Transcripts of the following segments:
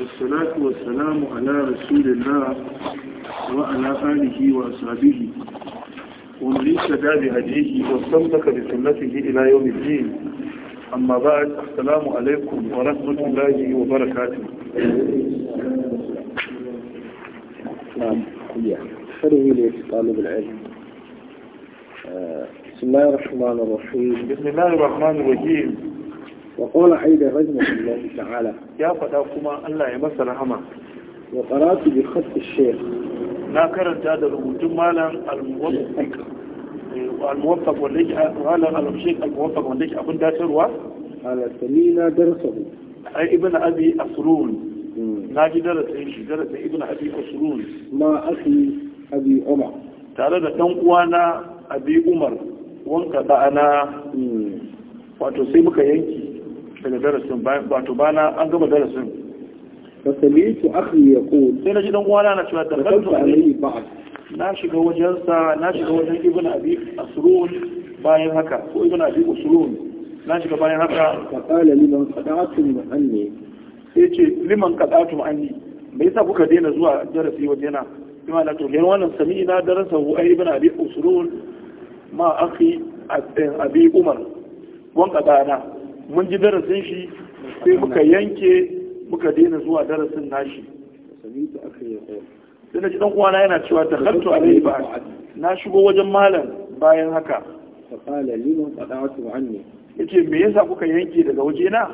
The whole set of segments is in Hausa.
والصلاة والسلام على رسول الله وعلى آله وأصحابه ومن اهتدى بهديه واستمسك بسنته إلى يوم الدين أما بعد السلام عليكم ورحمة الله وبركاته نعم شره طالب العلم آه، بسم الله الرحمن الرحيم بسم الله الرحمن الرحيم وقال أيضا رحمه الله تعالى يا فتاكما الله يمس رحمه وقرأت بخط الشيخ na karanta da rubutun malam al-muwaffaq wanda yake malam al-sheikh al-muwaffaq wanda yake abin datarwa ala samina darsahu ai ibn abi asrun na ji darasin shi darasin ibn abi asrun ma akhi abi umar tare da dan uwana abi umar wanka da wato sai muka yanki daga darasin wato bana an gama darasin fa sami'tu akhi yaqul sai na ji dan uwana na cewa tarkatu alayhi ba'd na shiga wajen sa na shiga wajen ibn abi asrun bayan haka ko ibn abi usrun na shiga bayan haka ka kala liman qada'tum anni sai ce liman qada'tum anni me yasa kuka daina zuwa darasi wajena kuma na to yan wannan sami'na darasahu ay ibn abi usrun ma akhi eh, abi umar wan qada'na mun ji darasin shi sai muka yanke muka daina zuwa darasin nashi sai na ji dan uwana yana cewa ta hattu alaihi ba na shigo wajen malam bayan haka faqala liman qada'tu anni me yasa kuka yanke daga waje na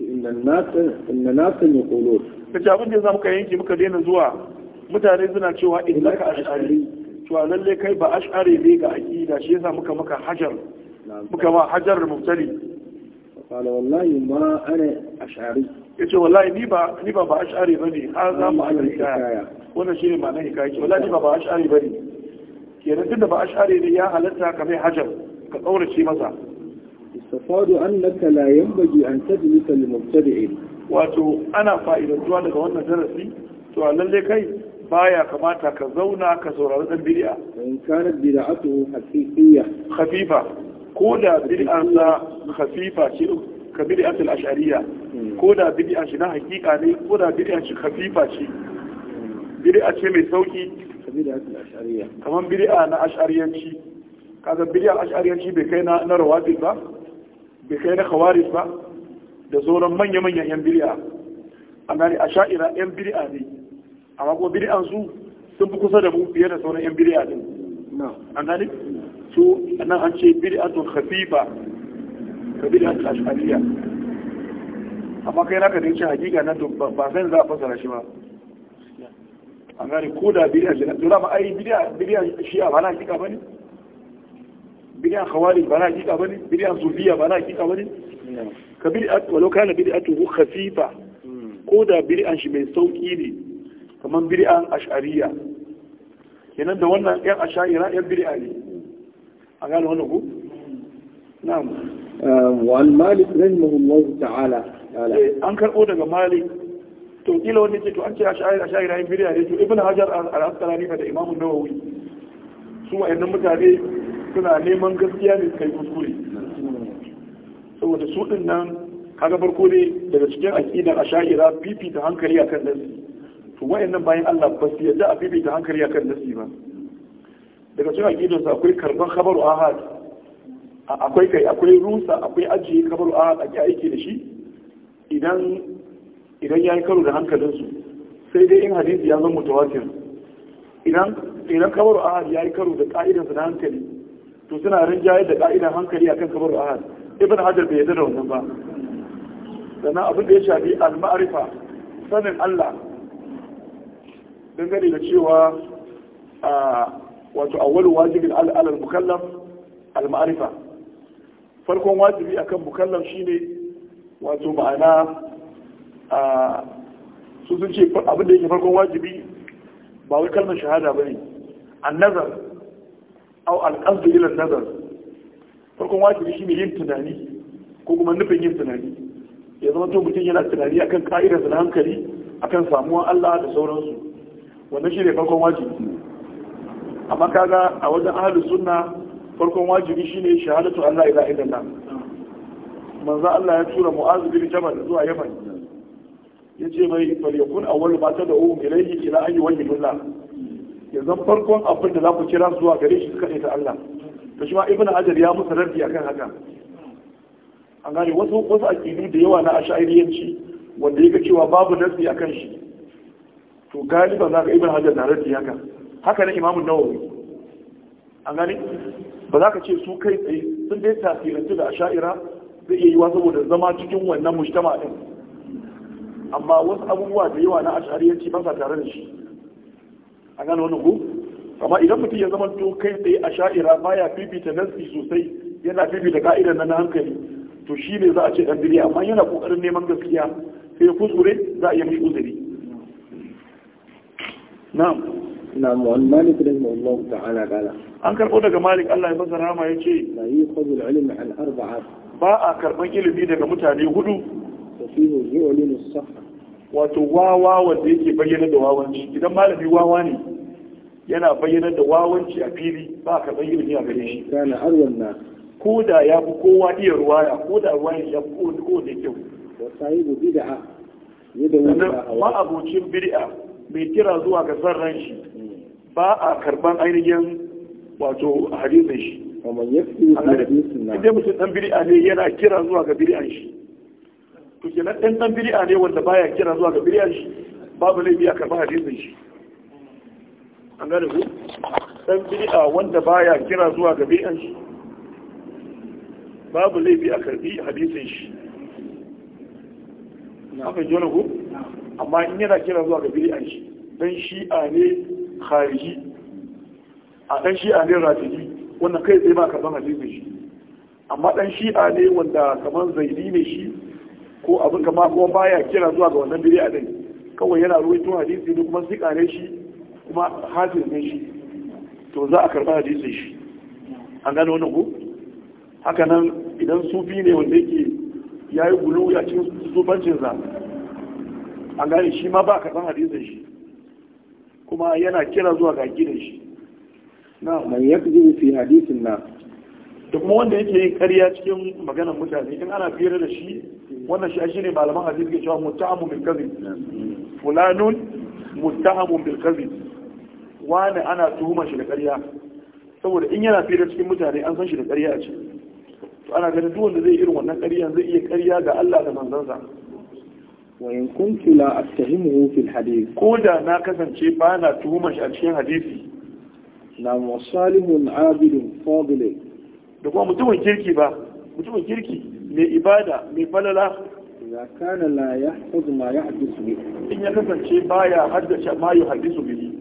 inna nasa inna nasa yaqulun abin da yasa muka yanke muka daina zuwa mutane suna cewa in innaka ash'ari cewa lalle kai ba ash'ari ne ga aƙida shi yasa muka maka hajar muka ma hajar mubtali قال والله ما أنا أشعري yace wallahi ni ba ni ba ba ash'ari bane har za mu ana hikaya wannan shine ma'anar hikaya yace wallahi ni ba ba ash'ari kenan tunda ba ash'ari ne ya halatta ka mai hajar ka kaurace masa istafadu annaka la yanbaghi an tajlisa li mubtadi'in wato ana fa'idatuwa daga wannan darasi to lallai kai baya kamata ka zauna ka saurari dan bid'a in khafifa ko da bid'a sa khafifa ce ka bid'a al shari'a. ko da bid'a shi na hakika ne ko da bid'a shi khafifa ce bid'a ce mai sauki kamar bid'a na ash'ariyanci kaga bid'a ash'ariyanci bai kai na na ba bai kai na khawarij ba da sauran manya manyan yan bid'a amma ne ash'ira yan bid'a ne amma ko bid'an su sun fi kusa da mu fiye da sauran yan bid'a din an gane to nan an ce bid'atun khafifa ka bid'atul ashariya amma kai naka da yace hakika na to ba san za a fasara shi ba an gani ko da bid'a shi to dama ai bid'a bid'a shi a bana hakika bane bid'a khawarij bana hakika bane bid'a sufiya bana hakika bane ka bid'a walau kana bid'atu khafifa ko da bid'an shi mai sauki ne kamar bid'an ash'ariya kenan da wannan yan ash'ariya yan bid'a ne a gane wannan ku na'am ehm, wa al-malik rahimahullahu ta'ala eh, an daga malik to kila wani ce to an ce a sha'ir a sha'ir ayin biriya ne to ibn hajar al-asqalani da imamu nawawi su wayannan mutane suna neman gaskiya ne kai kuskure saboda su din nan farko ne daga cikin aqidar asha'ira fifita hankali akan nasi to wayannan bayan Allah ba su yarda a fifita hankali akan nasi ba daga cikin aqidar akwai karban khabaru ahad akwai kai akwai rusa akwai ajiye khabaru ahad ake aiki da shi idan idan yayi karo da hankalin su sai dai in hadisi ya zama mutawatir idan idan khabaru ahad yayi karo da ka'idar su na hankali to suna rinjaye da ka'idar hankali akan khabaru ahad ibn hajar bai yarda da wannan ba sannan abin da ya shafi al-ma'rifa sanin Allah dangane da cewa a ah, wato awwalu wajibin alal mukallaf al maarifa farkon wajibi akan mukallaf shine wato ma'ana a su sun ce abin da yake farkon wajibi ba wai kalmar shahada ba ne an-nazar au al-qasd nazar farkon wajibi shine yin tunani ko kuma nufin yin tunani ya zama to mutum yana tunani akan ka'idar da hankali akan samuwar Allah da sauransu wannan shi ne farkon wajibi amma kaga a wajen ahlus sunna farkon wajibi shine shahadatu an la ilaha illallah manzo Allah ya tura Mu'az bin Jabal zuwa Yaman yace mai fal yakun awwal ma tad'u ilayhi ila ayyi wajhillah yanzu farkon abin da za ku kira zuwa gare shi suka ta Allah to shi ma ibnu hajar ya musu raddi akan haka an gane wasu wasu aqidu da yawa na ash'ariyanci wanda yake cewa babu nasi akan shi to galiba za ka ibnu hajar na raddi haka haka ne imamun nawawi an gani ba za ka ce su kai tsaye sun dai tasirantu da asha'ira zai iya yiwa saboda zama cikin wannan mujtama din amma wasu abubuwa da yawa na ashariyanci ba sa tare da shi an gane wani ku amma idan mutum ya zama to kai tsaye asha'ira baya fifita nasi sosai yana fifita ka'idar na hankali to shi ne za a ce dan biriya amma yana kokarin neman gaskiya sai ya kuskure za a yi mishi uzuri na'am نعم an مالك daga الله تعالى قال أنكر قولك مالك الله يبصر هما يجي لا يأخذ Ba a karɓar ilimi daga mutane wato wawa wanda yake bayyana da wawanci idan malami wawa ne yana bayyana da wawanci a fili ba a karɓar ilimi a gare shi kana arwan na ko da ya fi kowa iya ruwaya ko da ruwaya ya fi kowa ko da kyau wa sahibu da yadda wanda ma'abocin bid'a mai kira zuwa ga san ran shi hmm. ba a karban ainihin wato hadisin shi idan mutum dan bid'a ne yana kira zuwa ga bid'an shi to kenan dan dan bid'a ne wanda baya kira zuwa ga bid'an shi babu laifi a karba hadisin shi an gane ku dan bid'a wanda baya kira zuwa ga bid'an shi babu laifi a karbi hadisin shi haka jona ku amma in yana kira zuwa ga bid'an shi dan shi'a ne khariji a dan shi'a ne rafidi wannan kai tsaye ba karban hadisin shi amma dan shi'a ne wanda kamar zaidi ne shi ko abin kama ko baya kira zuwa ga wannan bid'a din kawai yana ruwaito hadisi ne kuma zika ne shi kuma hafiz ne shi to za a karba hadisin shi an gano wani ku haka nan idan sufi ne wanda yake yi gulu ya cikin sufancin an gane shi ma ba a karban hadisin shi kuma yana kira zuwa ga gidan shi na man yakzi fi hadisin na da kuma wanda yake yin ƙarya cikin maganar mutane in ana fira da shi wannan shi shine malaman hadisi ke cewa mutahamu bil kadhib fulanun mutahamu bil kadhib wani ana tuhuma shi da ƙarya saboda in yana fira cikin mutane an san shi da ƙarya a ce to ana ganin duk wanda zai irin wannan ƙarya zai iya ƙarya ga Allah da manzansa wa in kuntu la attahimuhu fil hadith ko da na kasance ba na tuhuma shi a cikin hadisi na musalihun abidun fadilin da kuma mutumin kirki ba mutumin kirki mai ibada mai falala ya kana la ya hudu ma ya hadisu bi in ya kasance baya haddace ma ya hadisu bi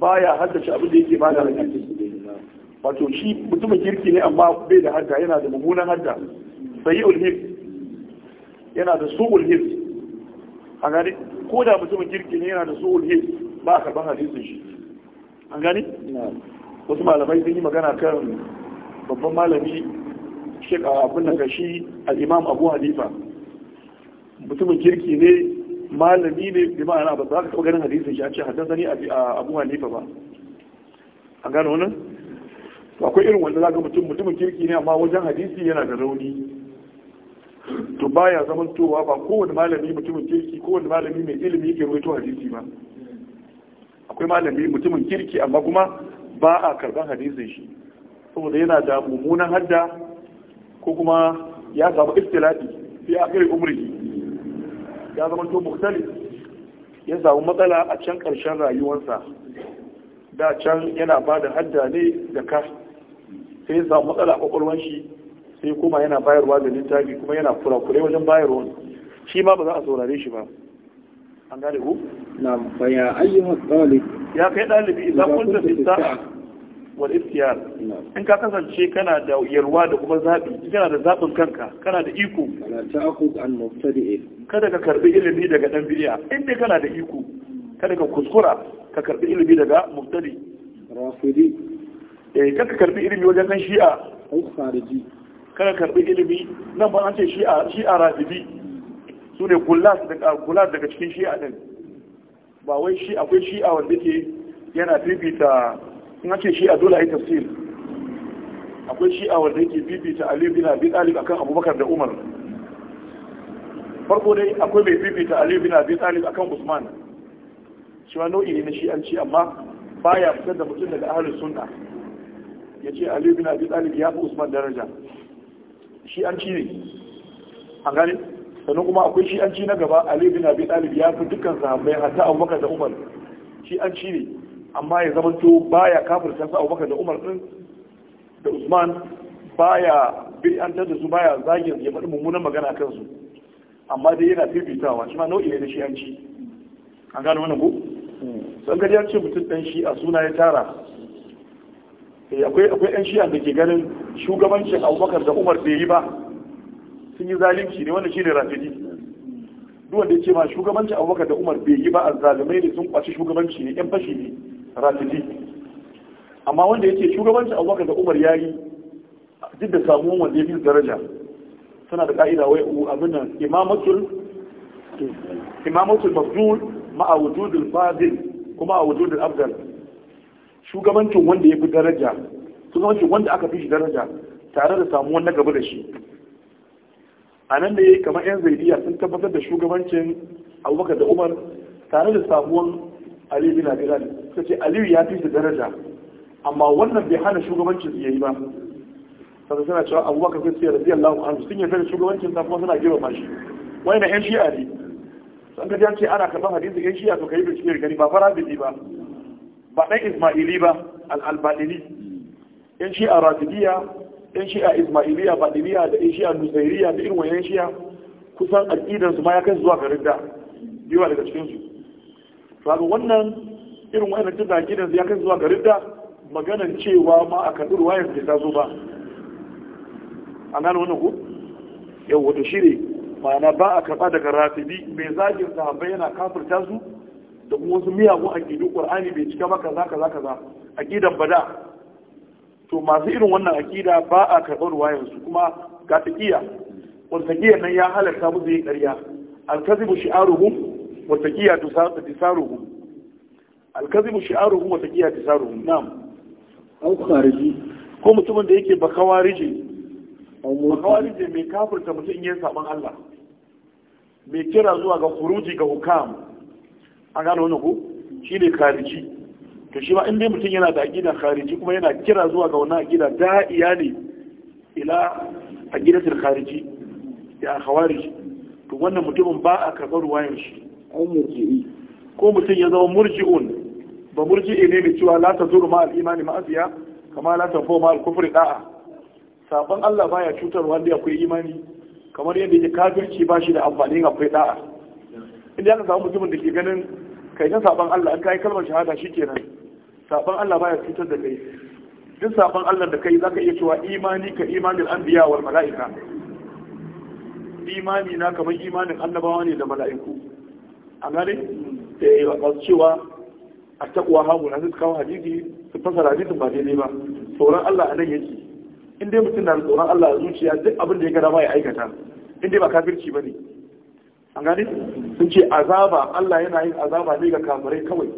baya haddace abin da yake bada hadisi wato shi mutumin kirki ne amma bai da hadda yana da mummunan hadda sai ulhib yana da su ulhib a gani ko da mutumin kirki ne yana da tsohon his ba a ban hadisin shi an gani wasu malamai sun yi magana kan babban malami shek abin da gashi al'imam abu Hadifa. mutumin kirki ne malami ne bi ma'ana ba za ka taɓa ganin hadisin shi a ce hadin zani a abu Hadifa ba an gano nan akwai irin wanda za ka mutum mutumin kirki ne amma wajen hadisi yana da rauni to baya zaman towa ba kowane malami mutumin kirki kowane malami mai ilimi yake ruwaito hadisi ba akwai malami mutumin kirki amma kuma ba a karban hadisin shi saboda yana da mummunan hadda ko kuma ya samu a fi akhir umri ya zama to mukhtalif ya samu matsala a can karshen rayuwarsa da can yana ba da hadda ne da ka sai ya samu matsala a kwakwalwar shi sai kuma yana bayarwa da littafi kuma yana kurakure wajen bayarwa shi ma ba za a saurare shi ba an gane ku na baya ayyuhan ɗalib ya kai ɗalibi idan kun tafi sa'a wa ikhtiyar in ka kasance kana da yarwa da kuma zabi kana da zabin kanka kana da iko kada ka karbi ilimi daga dan biliya in dai kana da iko kada ka kuskura ka karbi ilimi daga mubtadi rafidi eh kada ka karbi ilimi wajen kan shi'a ko khariji kada karbi ilimi nan ba an ce shi a rafibi su ne gulas daga cikin shi'a din ba wai shi akwai shi'a wanda ke yana fifita in an ce shi'a dole a yi tafsir akwai shi'a wanda ke fifita aliyu bin abi talib akan abubakar da umar farko dai akwai mai fifita aliyu bin abi talib akan usman shi ma nau'i ne na shi'anci amma baya fitar da mutum daga ahalin sunna ya ce aliyu bin abi talib ya fi usman daraja shi'anci ne an gani sannan kuma akwai shi'anci na gaba ali bin abi talib ya fi dukkan sahabbai hatta abubakar da umar shi'anci ne amma ya zama to baya kafirta su abubakar da umar din da usman baya bid'antar da su baya zagin ya faɗi mummunan magana a kansu amma dai yana fifitawa shi ma nau'i ne na shi'anci an gane wani ko sun gari ya ce mutum ɗan shi'a a suna ya tara Eh, akwai akwai yan shiya da ke ganin shugabancin abubakar da umar bai yi ba sun yi zalunci ne shi shine rafidi duk wanda ya ce ma shugabancin abubakar da umar bai yi ba a zalumai ne sun kwaci shugabanci ne yan fashi ne rafidi amma wanda ya ce shugabancin abubakar da umar ya yi duk da samuwan wanda ya fi daraja suna da ka'ida wai abin nan imamatul imamatul mafdul ma'a wujudul fadil kuma a wujudul abdal shugabancin wanda ya fi daraja shugabancin wanda aka fi shi daraja tare da samuwan na gaba da shi a nan da ya kamar yan zaidiya sun tabbatar da shugabancin abubakar da umar tare da samuwan aliyu bin abi talib ta ce aliyu ya fi shi daraja amma wannan bai hana shugabancin yayi ba sannan suna cewa abubakar sai sai Allahu anhu sun yarda da shugabancin sa kuma suna girma shi Wani na yan shi'a ne san ka ce ana karɓar hadisi yan shi'a to yi bincike gani ba fara bi ba ba ɗan ismaili ba al'albaɗini a shi'a in shi a ismailiya baɗiniya da shi a nusairiya da irin wayan shiya kusan al'idansu ma ya kai zuwa garin da yawa daga cikinsu to wannan irin wayan tun da al'idansu ya kai zuwa garin da maganan cewa ma a karɓi ruwayar da ta zo ba A nan wannan ku yau wato shiri. ne ma'ana ba a karɓa daga rafidi mai zagin sahabbai yana kafirta su da kuma wasu miyagun aƙidu ƙur'ani bai cika ba kaza kaza kaza aƙidan bada to masu irin wannan aƙida ba a karɓar wayansu kuma ga taƙiya wataƙiyar nan ya halarta musu zai ƙarya alkazibu shi'aruhum wa taƙiya tisaruhum alkazibu shi'aruhum wa ta tisaruhum na'am au khariji ko mutumin da yake bakawarije bakawarije mai kafirta mutum yin yi Allah mai kira zuwa ga kuruji ga hukam an gano wani ku? shi ne khariji to shi ma inda mutum yana da aqida khariji kuma yana kira zuwa ga wannan aqida da'iya ne ila a gidatar khariji ya khawarij to wannan mutumin ba a karɓar wayan shi ko mutum ya zama murji'un ba murji'i ne mai cewa lata zuru ma al'imani ma'aziya kama lata fo ma al-kufri da'a saban Allah baya cutarwa da akwai imani kamar yadda yake kafirci ba shi da amfani akwai da'a inda aka samu mutumin da ke ganin kai na sabon Allah an kai kalmar shahada shikenan sabon Allah baya cutar da kai duk sabon Allah da kai zaka iya cewa imani ka imanin anbiya wal mala'ika imani na kamar imanin annabawa ne da mala'iku a gane ya eh, wasu cewa a takwa hagu na suka kawo hadisi su fasara hadisin ba daidai ba tsoron Allah a nan yake in dai mutum na tsoron Allah a zuciya duk abin da ya gada ba ya aikata in dai ba kafirci ba ne an gane sun ce azaba Allah yana yin azaba ne ga kafirai kawai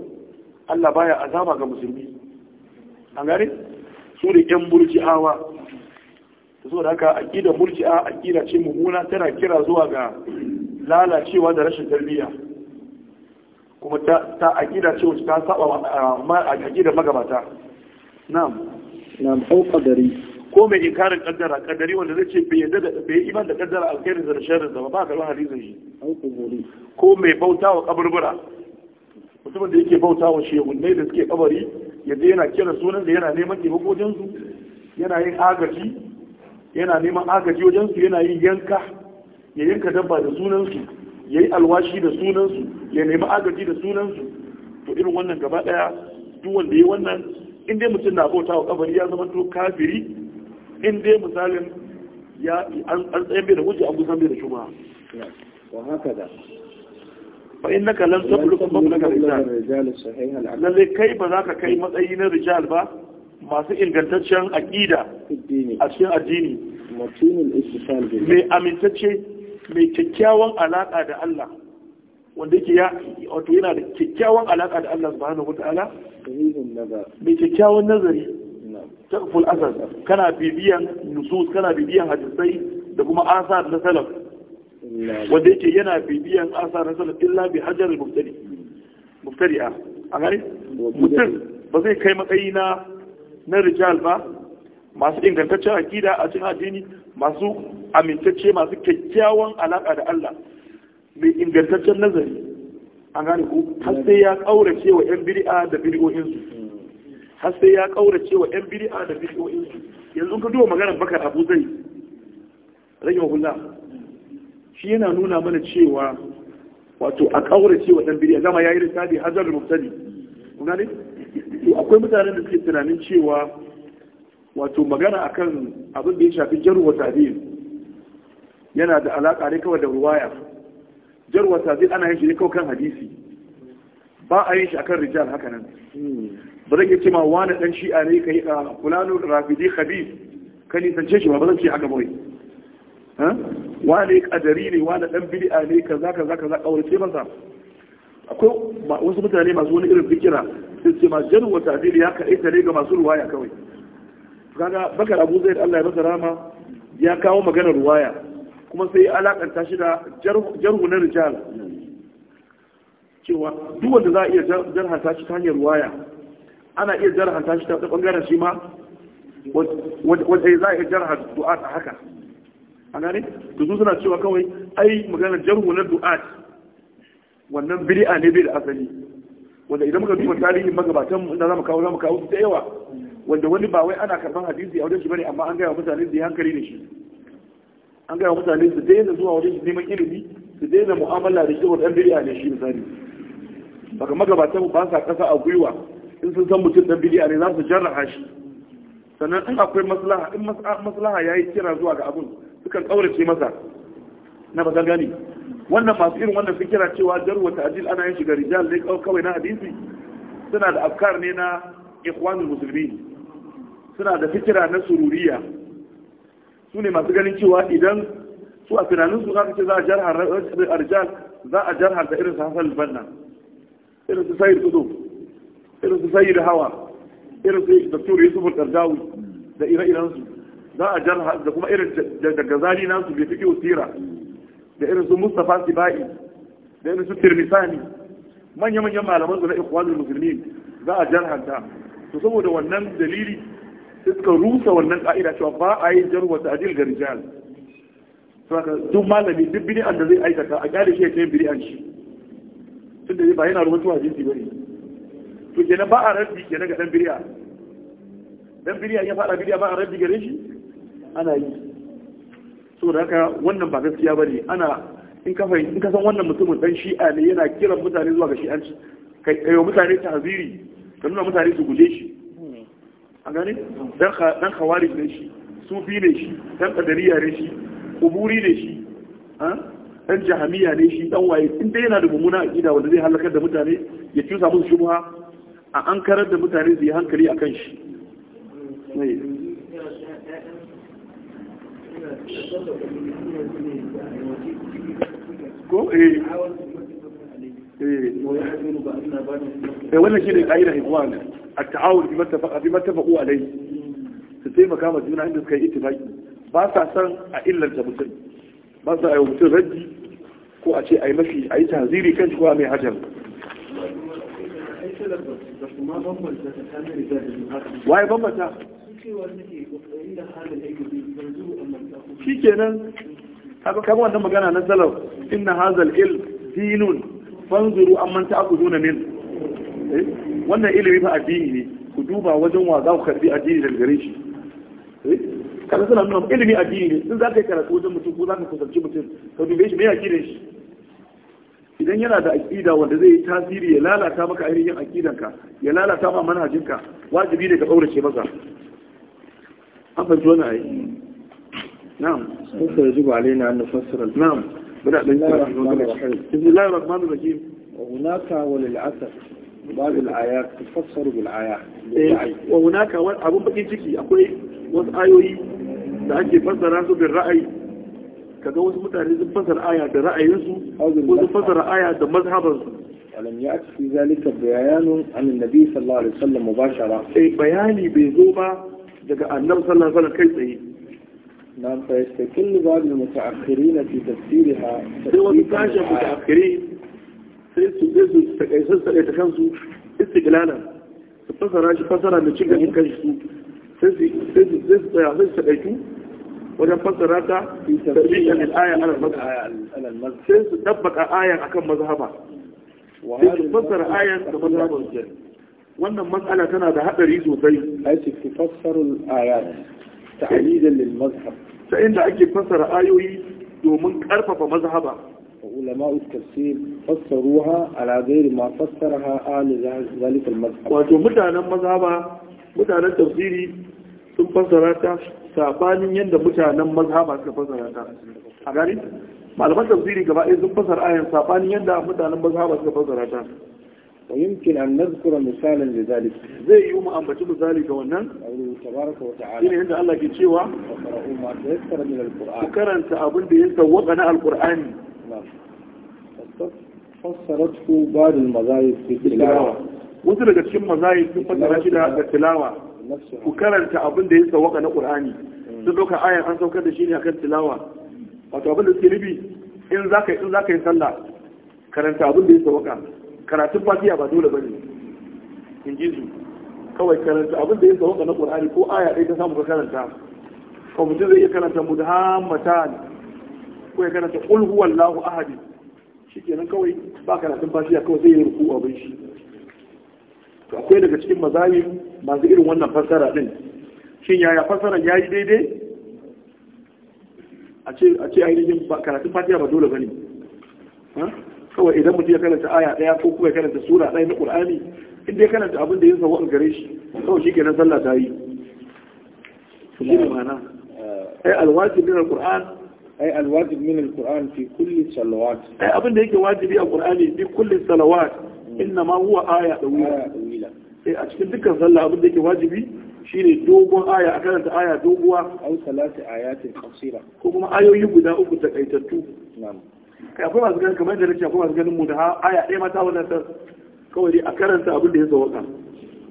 Allah baya azaba ga musulmi an gane su ne yan murji'awa da haka aƙida murji'a aƙida ce mummuna tana kira zuwa ga lalacewa da rashin tarbiyya kuma ta aƙida ce wacce ta saba a magabata na'am na'am au ko mai inkarin kaddara kaddari wanda zai ce bai yadda da bai iman da kaddara alkhairin da sharri da ba ka ba hadisin shi ko mai bauta wa kaburbura mutumin da yake bauta wa shehunnai da suke kabari yadda yana kira sunan da yana neman taimako wajen su yana yin agaji yana neman agaji wajen su yana yin yanka ya yanka dabba da sunan su ya yi alwashi da sunan su ya nemi agaji da sunan su to irin wannan gaba daya duk wanda ya wannan in dai mutum na bauta wa kabari ya zama to kafiri in dai misalin ya an tsaye bai da hujja an kusan bai da shuma wa haka da fa naka lan na mablagha rijal lalle kai ba za ka kai matsayi na rijal ba masu ingantaccen aqida a cikin addini mai amintacce mai kyakkyawan alaka da Allah wanda yake ya wato yana da kyakkyawan alaka da Allah subhanahu wataala mai kyakkyawan nazari taful asar kana bibiyan nusus kana bibiyan hadisai da kuma asar na salaf wanda yake yana bibiyan asar na salaf illa bi hajar al-mubtadi mubtadi'a a gani mutum ba zai kai matsayi na na rijal ba masu ingantaccen akida a cikin addini masu amintacce masu kyakkyawan alaka da Allah mai ingantaccen nazari an gani ku har sai ya kaurace wa yan bid'a da su har sai ya kaurace cewa yan bid'a da su yanzu ka duba maganar bakar abu zai rage mahulla shi yana nuna mana cewa wato a kaurace wa dan bid'a dama yayi risali hazar mubtadi kuna ne to akwai mutanen da suke tunanin cewa wato magana akan abin da ya shafi jarwa tabi'in yana da alaka ne kawai da ruwaya jarwa tabi'in ana yin shi ne kawai kan hadisi ba a yin shi akan rijal haka nan hmm. ba zan iya ce ma wani dan shi'a ne kai a fulano rafidi khabib ka nisance shi ba ba zan ce haka bane wani kadari ne wani dan bid'a ne kaza kaza kaza kaurace masa akwai wasu mutane masu wani irin fikira su ce ma jaru wa ta'dil ya kai tare ga masu ruwaya kawai kaga bakar abu zaid Allah ya masa rama ya kawo magana ruwaya kuma sai ya alakanta shi da jarhu na rijal cewa duk wanda za a iya jarhata shi ta hanyar ruwaya ana iya jarhanta shi ta bangaren shi ma wanda za a iya jarhar du'at a haka a gane da su suna cewa kawai ai magana jarhu na du'at wannan biri'a ne bai da asali wanda idan muka duba tarihin magabatan inda za mu kawo za mu kawo su da yawa wanda wani ba wai ana karban hadisi a wajen shi bane amma an gaya wa mutane da hankali da shi an gaya wa mutane su daina zuwa wajen shi neman ilimi su daina mu'amala da shi wa biri'a bid'a ne shi misali baka magabatan ba sa kasa a gwiwa in sun san mutum dan bid'a ne za su jarraha shi sannan in akwai maslaha in maslaha yayi kira zuwa ga abun sukan kaurace masa na ba gani wannan masu irin wannan fikira cewa jarwa ta'dil ana yin shiga rijal ne kawai na hadisi suna da afkar ne na ikhwanul musulmi. suna da fikira na sururiya su ne masu ganin cewa idan su a tunanin su zaka ce za a jarhar arjal za a jarhar da irin sa hasan banna irin su sayyid kudu irin su sayi da hawa irin su doktor yusuf al-qardawi da ire-iren su za a jarha da kuma irin da gazali nasu bai fi sira da irin su Mustapha sibai da irin su tirmisani manya-manyan malaman su na ikhwanul muslimin za a jarhanta to saboda wannan dalili suka rusa wannan ka'ida cewa ba a yi jarwa ta adil ga rijal saka duk malami duk bid'an da zai aikata a kyale shi ya kai bid'an shi tunda ba yana rubutu ba ne. to kenan ba a raddi kenan ga dan biriya dan biriya ya fada biriya ba a raddi gare shi ana yi saboda haka wannan ba gaskiya ba ne. ana in ka in ka san wannan mutumin dan shi'a ne yana kiran mutane zuwa ga shi'anci kai kai mutane tahziri ka nuna mutane su guje shi a gane dan dan khawarij ne shi sufi ne shi dan qadariya ne shi kuburi ne shi dan jahamiya ne shi dan waye in dai yana da mummuna aqida wanda zai halakar da mutane ya cusa musu shubha a an karar da mutane su yi hankali a kan shi ko eh eh wannan shi ne ƙa'idar ikwan a ta'awun fi matafaku a dai su taimaka ma juna inda suka yi itifaki ba sa san a illanta mutum ba sa a yi mutum raji ko a ce a yi mafi a yi taziri kan shi ko mai hajjar waye bambanta shi kenan kaga wannan magana na salaf inna hazal il dinun fanzuru amman ta'khuduna min eh? wannan ilimi fa addini ne ku duba wajen wa za ku karbi addini daga gare shi eh? kada suna nuna ilimi addini ne in za ka yi karatu wajen mutum ko za ka kusanci mutum ka dube shi me addinin shi idan yana da aƙida wanda zai yi tasiri ya lalata maka ainihin aƙidanka ya lalata ma manhajinka wajibi ne ka ƙaurace masa an fahimci wannan ayi. na'am sai ka ji ba alaina an nufassir na'am bada dan bismillahir rahmanir rahim wa hunaka wal asr ba'd al ayat tafassaru bil ayat eh, wa hunaka abun bakin ciki akwai wasu ayoyi da ake fassara su bil ra'ayi kaga wasu mutane sun fasara aya da ra'ayinsu ko fasara aya da mazhabansu ولم يأتي في ذلك بيان عن النبي صلى الله عليه وسلم مباشرة أي بياني بيزوبة دقاء النبي صلى الله عليه وسلم كيف نعم فيستكل بعض المتأخرين في تفسيرها سوى تتعشى متأخرين سيسو سيسو يتخنسوا استقلالا فسر فسر من شكل كشفوا سيسو سيسو سيسو سيسو wajen fassara ta tarbiyyar al'aya ala al-mazhab sai su dabbaka ayan akan mazhaba sai su fassara ayan da mazhaban su wannan matsala tana da hadari sosai ai su fassara al-ayat ta'lidan lil mazhab ta inda ake fassara ayoyi domin karfafa mazhaba علماء التفسير فسروها على غير ما فسرها آل ذلك المذهب. وأنتم متى مذهبا متى التفسيري ثم فسرتها sabanin yadda mutanen mazhaba suka fasara ta a gari malaman tafsiri gaba ɗaya sun fasara ayan sabanin yadda mutanen mazhaba suka fasara ta wa yumkin an nazkura misalan li zalik zai yi mu ambaci misali ga wannan tabaraka wa ta'ala shine yadda Allah ke cewa ku karanta abin da ya sawwaka na alqur'ani fassaratu ba'd al-mazahib fi tilawa wasu daga cikin mazahib sun fassara shi da tilawa ku karanta abin da ya sauka na qur'ani sun doka mm. ayan an saukar da shi ne akan tilawa wato abin da suke nufi in zaka in ka yi sallah karanta abin da ya sauka karatun fatiha ba dole bane in ji su kawai karanta abin da ya sauka na qur'ani ko aya ɗaya ta samu ka karanta ko mutum zai iya karanta mudhammatan ko ya karanta qul huwallahu ahad shikenan kawai ba karatun fatiha kawai zai yi ruku abin shi to akwai daga cikin mazahib masu irin wannan fassara din shin yaya fassara ya yi daidai a ce ainihin karatun fatiha ba dole ba ne kawai idan mutum ya karanta aya ɗaya ko kuma ya karanta sura ɗaya na ƙur'ani in dai karanta abin da ya sauwa a gare shi kawai shi kenan sallah ta yi shi ne ma'ana ai alwajibi na ƙur'an. ai alwajib min ƙur'an fi kulli salawat ai abin da yake wajibi a ƙur'ani fi kulli salawat hmm. inna ma huwa aya dawila Eh, a cikin dukkan sallah abin da yake wajibi shine dogon aya a karanta aya doguwa aw salati ayatin qasira ko kuma ayoyi guda uku takaitattu na'am kai akwai masu ganin kamar da nake akwai masu ganin mu da aya ɗaya mata wannan ta kawai dai a karanta abin da ya sauka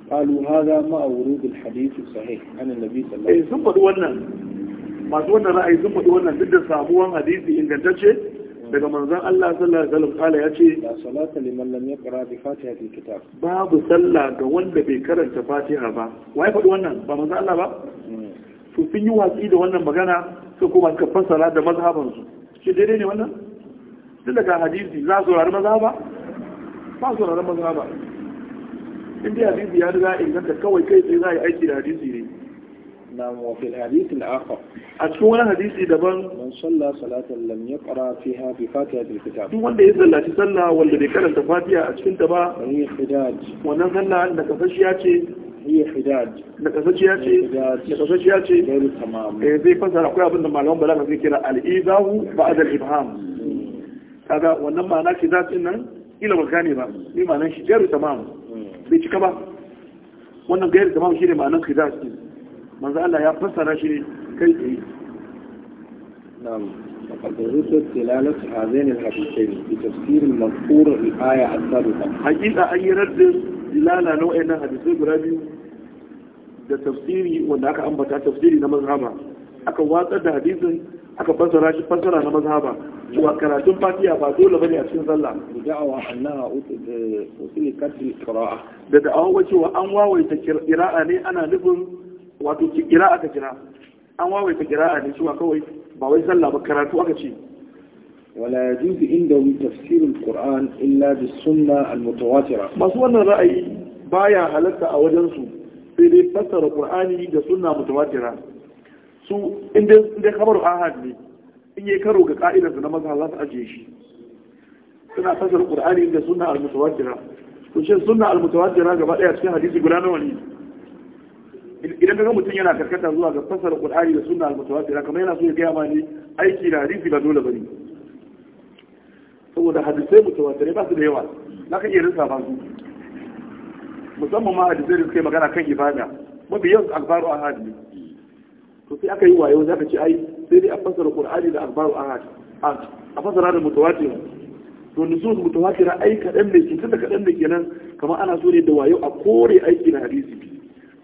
قالوا هذا مع ورود الحديث الصحيح عن النبي صلى الله عليه وسلم sun faɗi wannan masu wannan ra'ayi sun faɗi wannan duk da sabuwan hadisi ingantacce daga manzon Allah sallallahu alaihi wasallam kala yace la salata liman lam yaqra bi fi kitab babu sallah ga wanda bai karanta fatiha ba wai faɗi wannan ba manzon Allah ba hmm. to sun yi watsi da wannan magana su kuma suka fassara da mazhaban su shi daidai ne wannan tun daga hadisi za su rarar mazhaba ba su rarar mazhaba in dai hadisi ya riga inganta kawai kai sai za a yi aiki da hadisi ne نعم وفي الحديث الآخر أتكون حديث دبان من صلى صلاة لم يقرأ فيها بفاتحة الكتاب دو وند يصلى تصلى ولا بكرة فاتحة أتكون تبا هي حداج ونزل عندك فشياتي هي حداج نكسجياتي نكسجياتي غير تمام إيه زي فسر أقول أبن المعلوم بلاغ زي كده الإيذاء بعد الإبهام هذا ونما أنا كذا إن إلى مكاني بقى لما نشجر تمام بيتكبا wannan gayar da mamu shi ne ma'anar khidaj manzo Allah ya fassara shi ne kai tsaye na'am فقد ردت دلالة هذين الحديثين بتفسير المذكور الآية السابقة. حقيقة أي رد دلالة نوع أن حديثين برابيو da tafsiri wanda aka ambata tafsiri na mazhaba aka watsar da hadisin aka fassara shi fassara na mazhaba cewa karatun fatiha ba dole bane a cikin sallah da da'awa annaha eh, usul katil qira'a da da'awa cewa an wawaita qira'a ne ana nufin wato kira aka kira an wawai ta a ne kawai ba wai sallah ba karatu aka ce wala yajuzu inda wi tafsirul qur'an illa bis sunna al mutawatira masu wannan ra'ayi baya halatta a wajen su sai fassara qur'ani da sunna mutawatira su inda inda kabaru ahad ne in yi karo ga ka'idar na maza za su ajiye shi suna fassara qur'ani da sunna al mutawatira ko shin sunna al mutawatira gaba daya cikin hadisi guda nawa ne idan ga mutum yana karkata zuwa ga fasara qur'ani da sunna al-mutawatir kamar yana so ya gaya ma ne aiki da hadisi ba dole bane saboda hadisai mutawatir ba su da yawa na kan iya rinsa ba su musamman ma hadisai da suke magana kan ibada mafi yawan akbaru ahad ne to sai aka yi wayo za ka ce ai sai dai a fasara qur'ani da akbaru ahad a fasara da mutawatir to nusus mutawatir ai kadan ne shi da kadan ne kenan kamar ana so ne da wayo a kore aiki na hadisi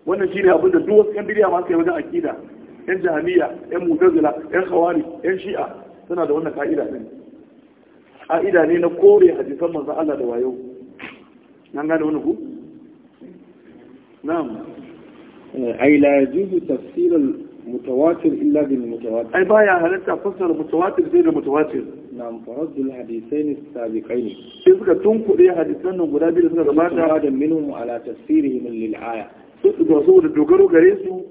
wannan shi ne abinda duk wasu yan ma masu yi wajen akida yan jahamiya yan mutazila yan khawari yan shi'a suna da wannan ka'ida ne ka'ida ne na kore hadisan manzon Allah da wayo nan gane wani ku na'am ai la yajuzu tafsir mutawatir illa bil mutawatir ai baya halatta fassara mutawatir sai da mutawatir na'am faradul hadisain sabiqain sai suka tunkuɗe hadisan nan guda biyu suka gabata da minhum ala tafsirihim lil aya تقدر تقول الدوكر وكريسو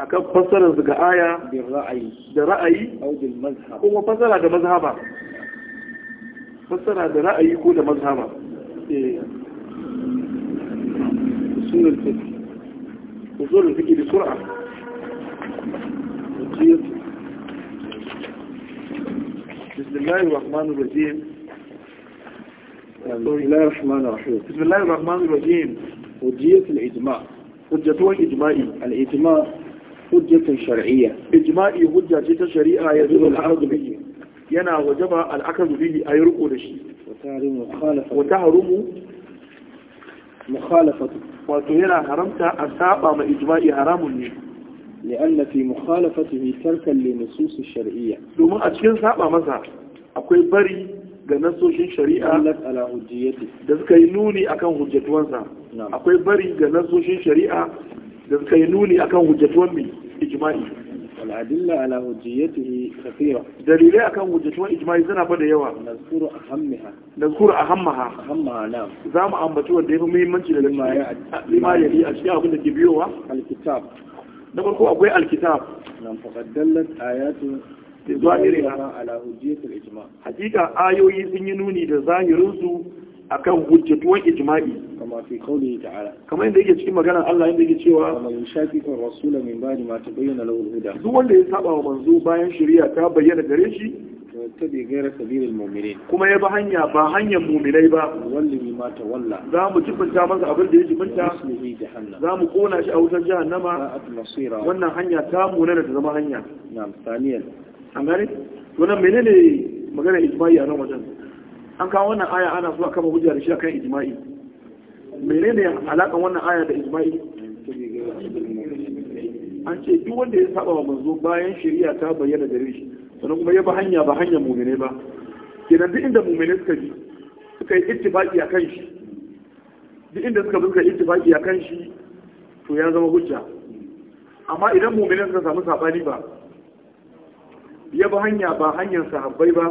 أكاب فصل ذكا بالرأي برأي أو بالمذهب هو فصل هذا مذهبا فصل هذا رأي كل مذهبا وصول الفكر وصول الفكر بسرعة بسم الله الرحمن الرحيم بسم الله الرحمن الرحيم وجية الإجماع hujjatu wal ijma'i al ijma' hujjatun shar'iyya ijma'i hujja ce ta shari'a ya zuwa al'adu bihi yana ba al'akadu bihi ayi riko da shi wa tahrumu mukhalafatu wato yana haramta a saba ma ijma'i haramun ne لأن في مخالفته تركا لنصوص Domin a cikin سابا masa akwai bari. ga nasoshin shari'a da suka yi nuni akan hujjatuwansa akwai bari ga nasoshin shari'a da suka yi nuni akan hujjatuwan mai ijma'i al'adilla ala dalilai akan hujjatuwan ijma'i suna ba da yawa nazkuru ahammaha nazkuru ahammaha ahammaha na'am za mu ambaci wanda ya muhimmanci da lima ya yi a cikin abin da ke biyowa alkitab na farko akwai alkitab nan faqad ayatu hakika ayoyi sun yi nuni da zahirinsu akan hujjatuwan ijma'i kama fi qawli ta'ala kama yadda yake cikin magana Allah yadda yake cewa ma tabayyana duk wanda ya saba wa manzo bayan shari'a ta bayyana gare shi ta bi gaira sabilil kuma ya ba hanya ba hanyar mu'minai ba wallahi ma tawalla za mu jibinta masa abin da ya jibinta za mu kona shi a wutar jahannama wannan hanya ta munana ta zama hanya an gane wannan menene magana ijma'i a nan wajen an kawo wannan aya ana zuwa a kama hujja da shi akan ijma'i menene alakan wannan aya da ijma'i an ce duk wanda ya saba wa manzo bayan shari'a ta bayyana gare shi sannan kuma ya ba hanya ba hanya mumine ba kenan duk inda mumine suka ji suka yi ittifaqi akan shi duk inda suka bi ittifaqi akan shi to ya zama hujja amma idan mumine suka samu sabani ba ya ba hanya ba hanyar sahabbai ba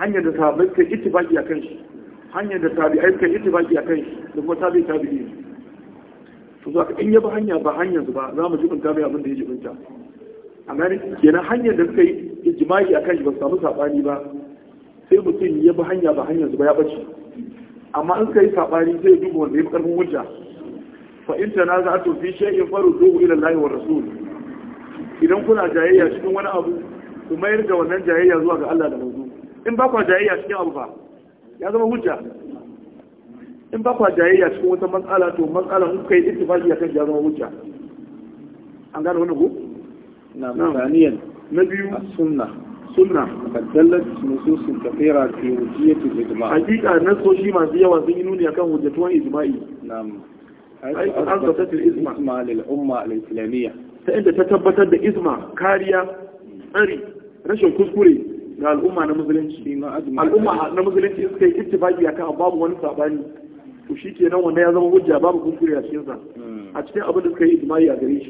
hanyar da sahabbai suka ittifaki a kan shi hanyar da tabi'ai suka ittifaki a kan shi da kuma tabi'i tabi'i to za in ya ba hanya ba hanyar su ba za mu jibin tabi'i abin da ya jibinta a gani kenan hanyar da suka yi ijimai a kan shi ba su samu saɓani ba sai mutum ya ba hanya ba hanyar su ba ya ɓace amma in suka yi saɓani zai duba wanda ya fi ƙarfin hujja fa in tanaza'tu fi shay'in farudduhu ila Allah wa rasul idan kuna jayayya cikin wani abu ku mayar da wannan jayayya zuwa ga Allah da manzo in ba kwa jayayya cikin abu ba ya zama hujja in ba kwa jayayya cikin wata matsala to matsala ku kai ittifaqi akan ya zama hujja an gane wannan ku na misaliyan na biyu sunna sunna kadallat nususin kafira fi wujiyatul ijma hakika shi masu yawa sun yi nuni akan hujjatuwan ijma'i na'am ai an tabbatar izma lil umma al islamiyya ta inda ta tabbatar da izma kariya tsari rashin kuskure ga al'umma na musulunci al'umma na musulunci suka yi ittifaki akan babu wani sabani to shi wanda ya zama hujja babu kuskure a cikinsa hmm. a cikin abin da suka yi ijma'i a gare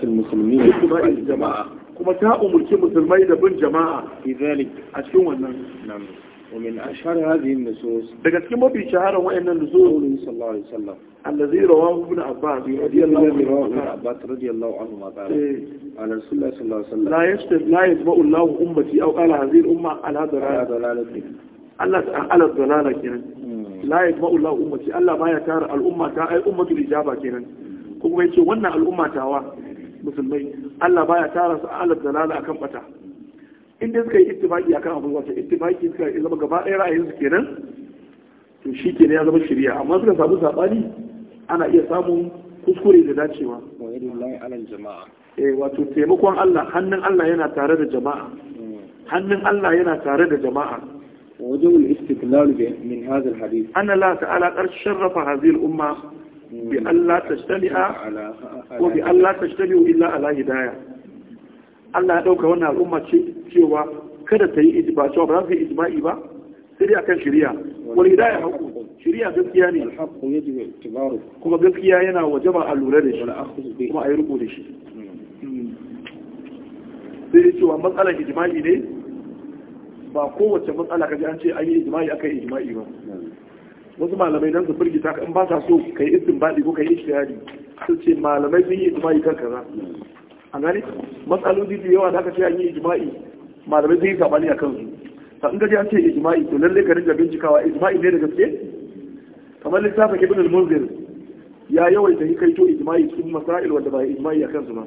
shi musulmi ijma'i jama'a kuma ta umurci musulmai da bin jama'a a cikin wannan ومن أشهر هذه النصوص بقت كما في شهر وإن النصوص قوله صلى الله عليه وسلم الذي رواه ابن عباس رضي الله عنه رواه ابن عباس رضي الله عنه قال على رسول الله صلى الله عليه وسلم لا يشتف لا يتبع الله أمتي أو قال هذه الأمة على ضلالة على الضلالة كنا لا يتبع الله أمتي ألا ما يتار الأمة أي أمة الإجابة كنا كما يقول وانا الأمة تاوا musulmai Allah baya tara su ala dalala akan bata inda suka yi ittifaki akan abu wato ittifaki suka zama gaba ɗaya ra'ayin su kenan to shi kenan ya zama shirya amma suka samu sabani ana iya samun kuskure da dacewa eh wato taimakon Allah hannun Allah yana tare da jama'a hmm. hannun Allah yana tare da jama'a وجه الاستدلال من هذا الحديث أن الله تعالى قد شرف هذه الأمة بأن لا تجتمع وبأن لا تجتمع إلا على هداية Allah ya ɗauka wannan al'umma ce cewa kada ta yi ijma cewa ba za su yi ijma'i ba sai dai akan shari'a da ya haqqu shari'a gaskiya ne kuma gaskiya yana waje ba a lura da shi kuma a yi riko da shi sai dai cewa matsalar ijma'i ne ba kowace matsala kaji an ce an yi ijma'i aka yi ijma'i ba wasu malamai don su firgita in ba sa so ka yi istinbadi ko ka yi ishtihadi sun ce malamai sun yi ijma'i kan kaza a gani matsaloli da yawa da aka ce an yi ijma'i malamai sun yi sabani a kansu ta in gaji an ce ijma'i to lalle ka rinka bincikawa ijma'i ne da gaske kamar littafin ibn al-munzir ya yawai ta kai to ijma'i cikin masail wanda ba ijma'i a kansu ba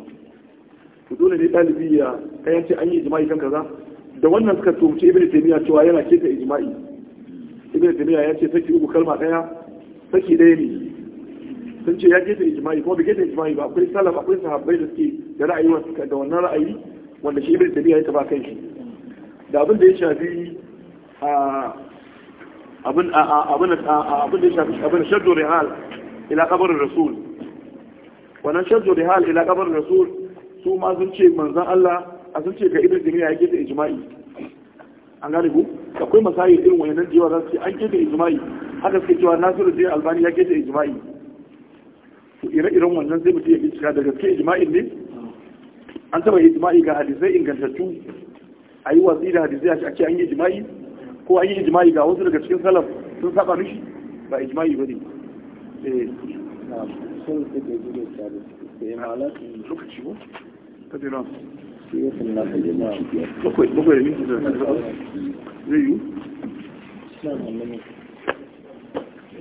to dole ne dalibi ya kayan ce an yi ijma'i kan kaza da wannan suka tumce ibn taymiya cewa yana keta ijma'i ibn taymiya ya ce saki uku kalma daya saki daya ne sun ce ya keta ijma'i kuma bai keta ijma'i ba akwai salaf akwai sahabbai da suke da ra'ayi da wannan ra'ayi wanda shi ibn tabiya ya taba kan shi da abin da ya shafi abin da ya shafi abin shaddu rihal ila kabarin rasul wannan shaddu rihal ila kabarin rasul su ma sun ce manzan Allah a sun ce ga ibn tabiya ya gida ijma'i an gane ku akwai masayi irin wayannan da yawa za su ce an gida ijma'i haka suke cewa nasiru jin albani ya gida ijma'i to ire-iren wannan zai mutu ya bincika da gaske ijma'in ne an taba yi jima'i ga hadisai ingantattu a yi watsi da hadisai a ake an yi jima'i ko an yi jima'i ga wasu daga cikin salaf sun saba mishi ba a jima'i ba ne eh,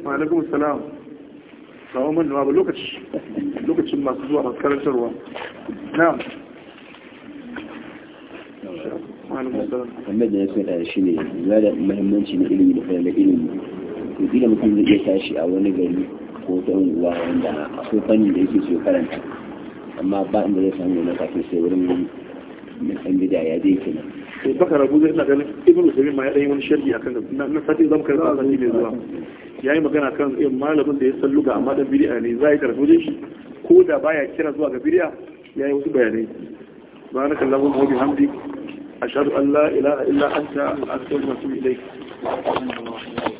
Ma'alaikun salam, kawo manna ba lokaci, lokacin masu zuwa masu karantarwa. Na'am. tambayar da ya shi ne lura da mahimmanci na ilimi da fara ilimi to kila mutum zai iya tashi a wani gari ko ta unguwa wanda akwai fannin da yake so karanta amma ba inda zai samu na kafin sai wurin mai san bida ya je kenan sai baka rabu zai ina ganin ibnu usaimin ma ya dai wani sharhi akan na sati zamu kai zuwa zanni zuwa ya yi magana kan irin malamin da ya san luga amma dan bid'a ne zai karfo shi ko da baya kira zuwa ga ya yi wasu bayanai subhanakallahumma wa bihamdika أشهد أن لا إله إلا أنت أستغفرك إليك